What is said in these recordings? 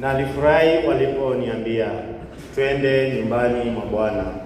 Nalifurahi waliponiambia twende nyumbani mwa Bwana.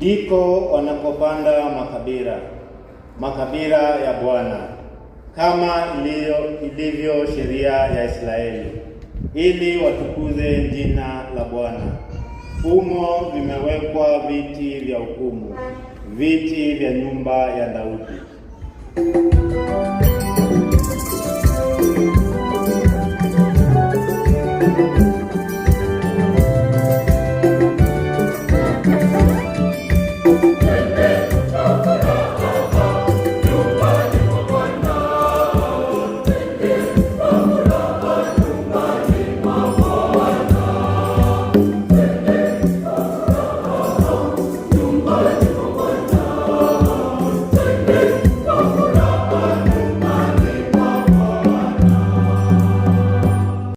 ndiko wanapopanda makabila, makabila ya Bwana, kama ilivyo sheria ya Israeli, ili watukuze jina la Bwana. Humo vimewekwa viti vya hukumu, viti vya nyumba ya Daudi.